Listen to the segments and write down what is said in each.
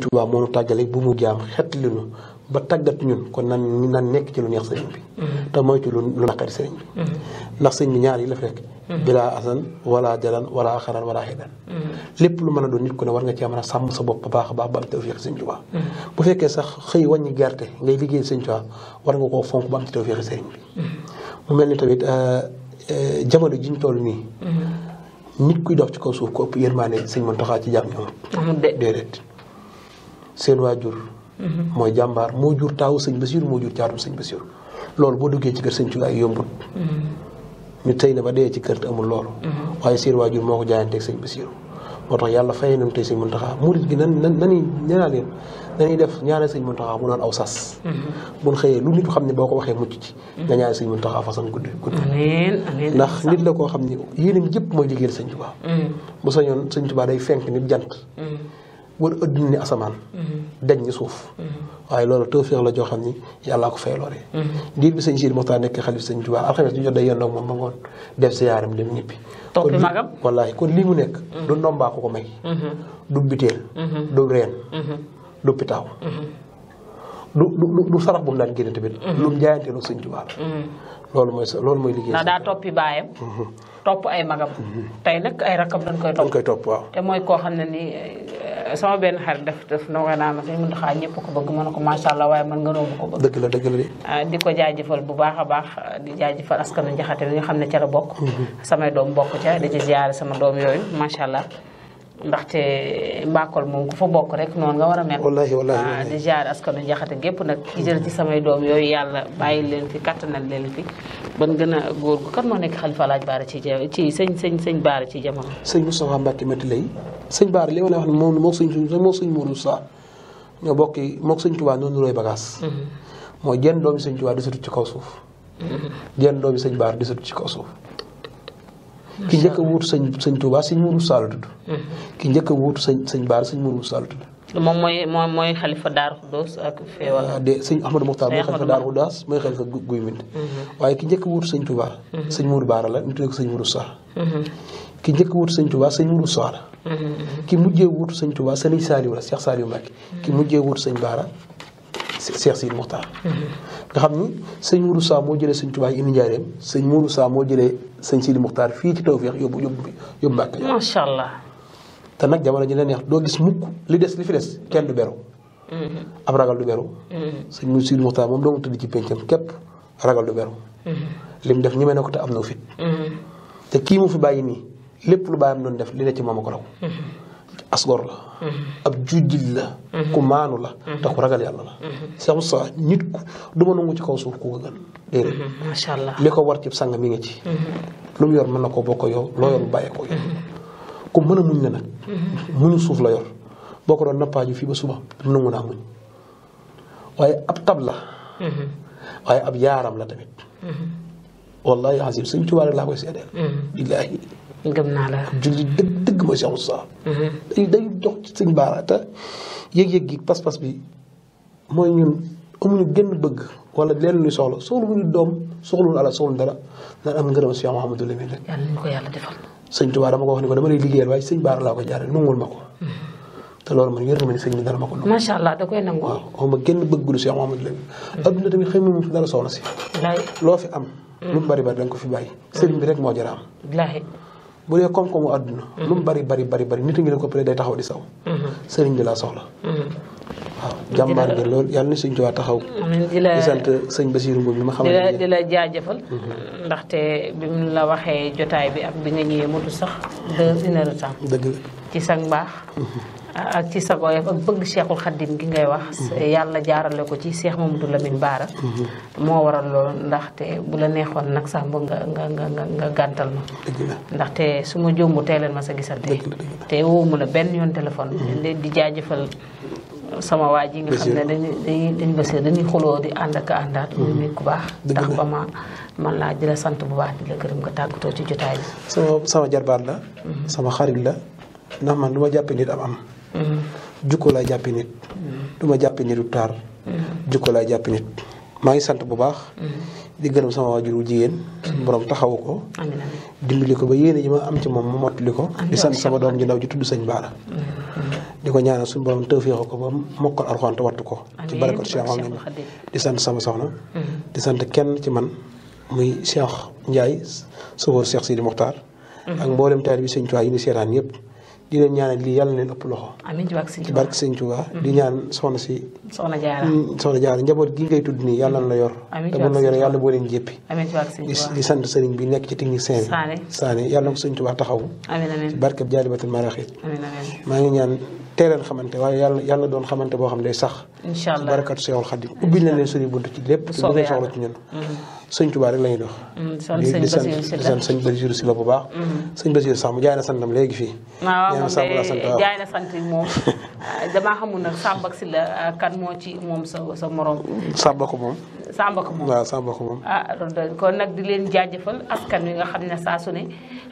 Tuubaa moo nu tàggale bu mu jaam xet li nu ba a ñun kon nan nan nekk ci lu neex sëriñ bi mm-hmm. te moytu lu lu naqari sëriñ bi mm-hmm. ndax sëriñ bi ñaar yi la fi rek mm-hmm. bilaa asan wala jalan wala xaran wala xidan lépp lu mën a doon nit ku ne war nga cee mën a sàmm sa bopp baax a baax ba am tawfeex sëriñ Tuubaa bu fekkee sax xëy wàññi gerte ngay ni tamit euh, euh, jamono jiñ toll nii nit kuy dox ci kaw suuf ko ëpp yërmaane sëriñ Muntaxaa ci jàmm ñoom seen waajur. mooy jàmbaar moo jur taawu sëñ Basiiru moo jur caatum sëñ Basiiru loolu boo duggee ci kër sëñ Tuubaa ay yombut. ñu tey na ba dee ci kër te amul loolu. waaye seen waajur moo ko jaayanteeg sëñ Basiiru moo tax yàlla fay nañu tey sëñ Muntaxa murit gi nan nan nañuy ñaanaa leen nañuy def ñaanal sëñ Muntaxa mu doon aw sas. bu ñu xëyee lu nit xam ne boo ko waxee mucc ci. nga ñaanal sëñ Muntaxa fasan gudd gudd. amiin amiin ndax nit la koo xam ne yéenam jëpp mooy liggéeyal sëñ Tuubaa. Mm. bu sañoon sëñ Tuubaa day fenk nit jant. Mm. wër a ni asamaan. Mm-hmm. dañ ni suuf. Mm-hmm. waaye loolu tawféex la joo xam ni yàllaa ko fay loolee. Mm-hmm. diir bi sëñ Sidi Moxtaar nekk xalif sëñ Tuubaa alxames ñu jot day yendoog moom ba ngoon def siyaaram dem ñibbi. toog li magam wallaahi kon lii mu nekk. du ndombaa ko ko may. du biteel. du reen. du pitaaw. du du du sarax bu mu daan génne tamit. ay magam. tey koy topp waaw. te mooy koo xam ne nii. sama benn xarit def daf ndongo naa ma sëñ Muntaxa ñëpp ko bëgg mën ko macha allah waaye man nga noo bu ko bëgg. dëgg la dëgg la ah, di ko jaajëfal bu baax a baax di jaajëfal aska Jaxate bi nga xam ne ca bokk. Mm-hmm. samay doom bokk ca di ci ziare sama doom yooyu macha allah. ndaxte mbàkkol moom ku fa bokk rek noonu nga war a mel. wallaahi wallaahi ah, di jaar askanu jaxate gépp nag. ci jël samay doom yooyu yàlla bàyyi leen fi kattanal leen fi ban gën a góor gu kan moo nekk xalifa laaj baara ci ja ci sëñ sëñ sëñ baara ci jamono. sëñ Moustapha Mbacke Matilay sëñ Baar li ma lay wax ne moom moog sëñ moog sëñ Mourou Sa ñoo bokki moo sëñ Tuubaa noonu nuróoy bagaas mm-hmm. mooy jenn doomi sëñ Tuubaa desatu ci kaw suuf mm-hmm. jenn doomi sëñ Baar desatu ci kaw suuf ki njëkk a wuutu sëñ sëñ Tuubaa sëñ Mourou Sa la tudd mm-hmm. ki njëkk a wuutu sëñ sëñ Baar sëñ Mourou Sa la tudd ki njëkk a wuutu sëñ Tuubaa sëñ Mourou Baara la Sa ki njëkk a wuutu sëñ Tuubaa sëñ ki mujjee wuutu sëñ Touba sëriñ Saliou la Cheikh Saliou Mbacké ki mujjee wuutu sëñ Baara Cheikh Sidi Mokhtar nga xam ni sëñ Mourou Sa moo jëlee sëñ Touba yi indi njaareem sëñ Sa moo jëlee sëñ Sidi Mokhtar fii ci Tawfeex yóbbu yóbbu yóbbu Mbacké macha Allah te nag jamono ji la neex doo gis mukk li des li fi des kenn du beru am ragal du beru sëñ Mourou Sidi Mokhtar moom doo tëdd ci péncam képp ragal du beru mm-hmm. lim def ñi me ne ko te am na fit mm-hmm. te kii mu fi bàyyi nii lépp lu bàyyam doon def li ne ci moom a ko raw asgor la ab juddil la ku maanu la te ku ragal yàlla la saxu sa nit ku ci kaw suuf ku gën déedéet macha ko war ci sang mi ngi ci lu yor mën na ko bokk yow loo yor bu ko yow ku mën a muñ la nag muñu suuf la yor boo ko doon nappaaju fii ba suba nangu naa muñ waaye ab tab la waaye ab yaaram la tamit mm-hmm. wallahi azim sëñ Tuubaa laa koy seedeel mm-hmm. billaahi gëm naa la julli dëgg dëgg ma Cheikh Moussa. Mhm. day gën bëgg wala leen luy soxla soxluñu doom soxluñu alal soxluñu mhm. da koy nangu. waaw xaw ma gën bëgg lu Cheikh Mouhamadou Lamine. Mhm. adduna tamit xëy na moom dara loo fi am. lu mu bari bari da nga fi bàyyi. sëriñ bi rek moo jara bu dee koom-koomu àdduna. Mm-hmm. lu mu bari bari bari bari nit ñi dañ ko pare day taxaw di saw. Mm-hmm. sëriñ bi laa soxla. Mm-hmm. waaw jàmbaar nga lool yàlla na suñ ci waa taxaw. di la di sant sëñ Basiirou Mbow mi ma xamal. di la di la jaajëfal. ndaxte bi mu la waxee jotaay bi ak bi nga ñëwee motu sax deux une heure de temps. dëgg ci sa mbaax. ak ci sa goyof ak bëgg Cheikhul xaddin gi ngay wax. yàlla jaarale ko ci Cheikh Mamadou Lamine Baara. moo waral loolu ndaxte bu la neexoon nag sax ba nga nga nga gàntal ma. ndaxte su ma jombu tey leen ma sa gisante. te woo mu la benn yoon téléphone. leen mm-hmm. di jaajëfal sama waa ji nga dañuy dañuy dañuy xuloo di ànd ak àndaat. Mm-hmm. muy nit ku baax. ndax ba ma man laa di sant bu baax di la gërëm nga tàggatoo ci jotaay bi. sama sama la. Mm-hmm. sama xarit la ndax man lu ma am am. jukko laa jàppi nit du ma jàppi nitu taar jukko laa jàppi nit maa ngi sant bu baax di gërëm sama waajur wu jigéen suñu taxawu ko dimbali ko ba yéene ji ma am ci mu mottali ko di sant sama doom di ba mokkal alxuraan te wattu ko ci barakat Cheikh Ahmed di sant sama soxna di sant kenn ci man muy Cheikh Ndiaye sofóor Cheikh Sidi Mokhtar ak mboolem taal bi sëñ Tuubaa yi ni seetaan yëpp di leen a lii yàlla leen ëpp loxo. amiin ci barke Sëñ Tuubaa barke Sëñ mm-hmm. di ñaan soxna si. Mm, soxna Jaara njaboot gi ngay tudd nii yàlla la yor. amiin ci barke Sëñ Tuubaa te mun na yàlla boo leen di sant sëriñ bi nekk ci technicien bi. Sané yàlla na ko Sëñ Tuubaa taxawu. amiin amiin ci barke Jaalibatul Maraaxib. amiin amiin maa ngi ñaan. teeleen xamante waaye yàlla yàlla doon xamante boo xam ne day sax incha allah barakatu Seexul Xadim ubbil na leen suñu bunt ci lépp ci lu ngeen soxla ci ñun mm-hmm. sëñ Tuubaa rek la ñuy la bu baax mm-hmm. sëñ Basiru sax mu jaay na santam léegi fii ah, waaw moom de jaay na sant moom ah, damaa xamul nag Samba ak Sylla ah, kan moo ci moom sa sa morom Samba ko moom Samba ko moom waaw Samba ko moom ah kon nag di leen jaajëfal askan wi nga xam ne saa su ne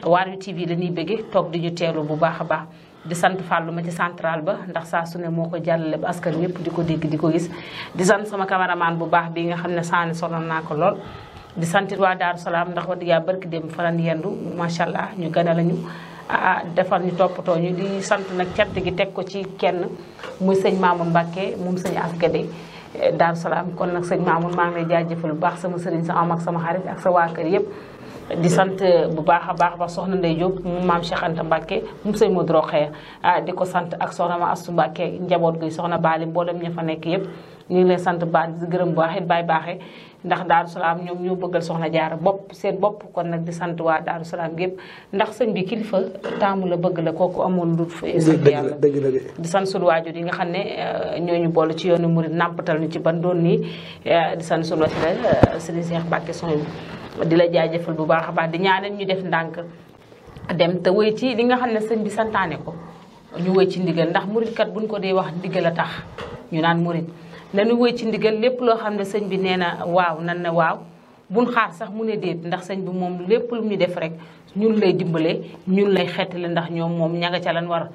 Waarwi TV la ñuy bëgge toog di ñu teelu bu baax a baax di sant fàllu ma ci central ba ndax saa su ne moo ko jàllale ba askan yëpp di ko dégg di ko gis di sant sama cameraman bu baax bii nga xam ne saani sonal naa ko lool di santit waa Daaru Salaam ndax wax dëgg yàlla barki dem falan yendu macha allah ñu gën a lañu defal ñu toppatoo ñu di sant nag cant gi teg ko ci kenn muy sëñ Mamoun Mbacke moom sëñ Askade eh, Daaru Salaam kon nag sëñ Mamoun maa ngi lay jëfal bu baax sama sëriñ sa am ak sama xarit ak sa waa yëpp di sant bu baax a baax ba soxna Ndey Diop maam Cheikh Anta Mbacke mu sëñ Modou Rokhaya ah di ko sant ak soxna ma Astu Mbacke njaboot gi soxna Baali mboolem ña fa nekk yëpp ñu ngi leen sant baax di gërëm baax it baay baaxee ndax Daaru Salaam ñoom ñoo bëggal soxna Jaara bopp seen bopp kon nag di sant waa Daaru Salaam yëpp ndax sëñ bi kilifa taamu la bëgg la kooku amoon lu dul yàlla di sant sunu waajur yi nga xam ne eh, ñooñu boole ci yoonu murid nàmpatal ñu ci ban doon nii eh, di sant sunu wasila Sëriñ Seex Mbacke son di la jaajëfal bu baax a baax di ñaanal ñu def ndànk dem te wëy ci li nga xam ne sëñ bi santaane ko ñu wëy ci ndigal ndax murit kat buñ ko dee wax ndigal a tax ñu naan murit lañu wëy ci ndigal lépp loo xam ne sëñ bi nee na waaw nan na waaw buñ xaar sax mu ne déet ndax sëñ bi moom lépp lu ñu def rek ñun lay dimbale ñun lay xettali ndax ñoom moom ña nga ca lan war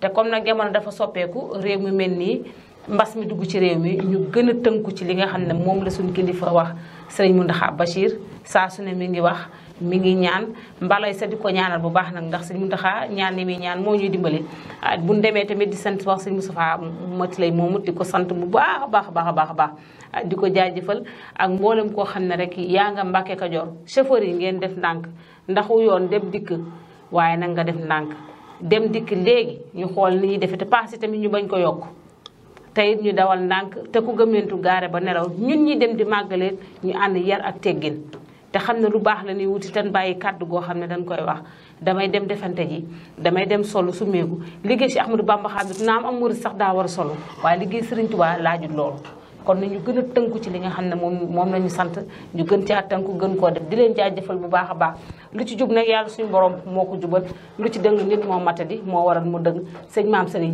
te kom nag jamono dafa soppeeku réew mi mel nii mbas mi dugg ci réew mi ñu gën a tënku ci li nga xam ne moom la suñ kilifa wax sëriñ Mountakha Bachir saa su ne mi ngi wax mi ngi ñaan mbalay sa di ko ñaanal bu baax nag ndax sëñ Muntaxa ñaan ni muy ñaan moo ñuy dimbali ah, bu ñu demee tamit di sant wax sëñ Moustapha mati lay moomut di ko sant bu baax baax a baax a baax a baax ah, di ko jaajëfal ak mboolem koo xam ne rek yaa nga Mbàkke Kajoor chauffeur yi ngeen def ndànk ndaxu yoon dem dikk waaye nag nga def ndànk dem dikk léegi ñu xool ni ñuy defee te paas tamit ñu bañ ko yokk te it ñu dawal ndànk te ku gëmmentu gaare ba nelaw ñun ñi dem di màggalee ñu ànd yar ak teggin te xam ne lu baax la ne wuti tan bàyyi kàddu goo xam ne dañ koy wax damay dem defante ji damay dem solo su méegu liggéey si Ahmadou Bamba xam ne naam am am murit sax daa war a solo waaye liggéey Sëriñ Tuubaa laajut loolu kon na ñu gën a tënku ci li nga xam ne moom moom la ñu sant ñu gën caa tënku gën koo def di leen jaajëfal bu baax a baax lu ci jub nag yàlla si borom moo ko jubal lu ci dëng nit moo matadi moo waral mu dëng sëñ maam sëriñ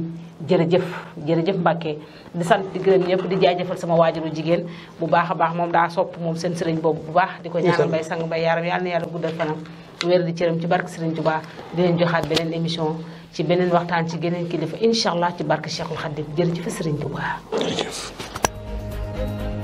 jërëjëf jërëjëf Mbàkke di sant di ñëpp di jaajëfal sama waajuru jigéen bu baax a baax moom daa sopp moom seen sëriñ boobu bu baax di ko ñaanal bay sang bay yaram yàlla na yàlla guddal fanam wéer di cëram ci barke sëriñ Tuubaa di leen joxaat beneen émission ci beneen waxtaan ci geneen kilifa incha allah ci barke Cheikhul Khadim jërëjëf sëriñ Tuubaa Thank you.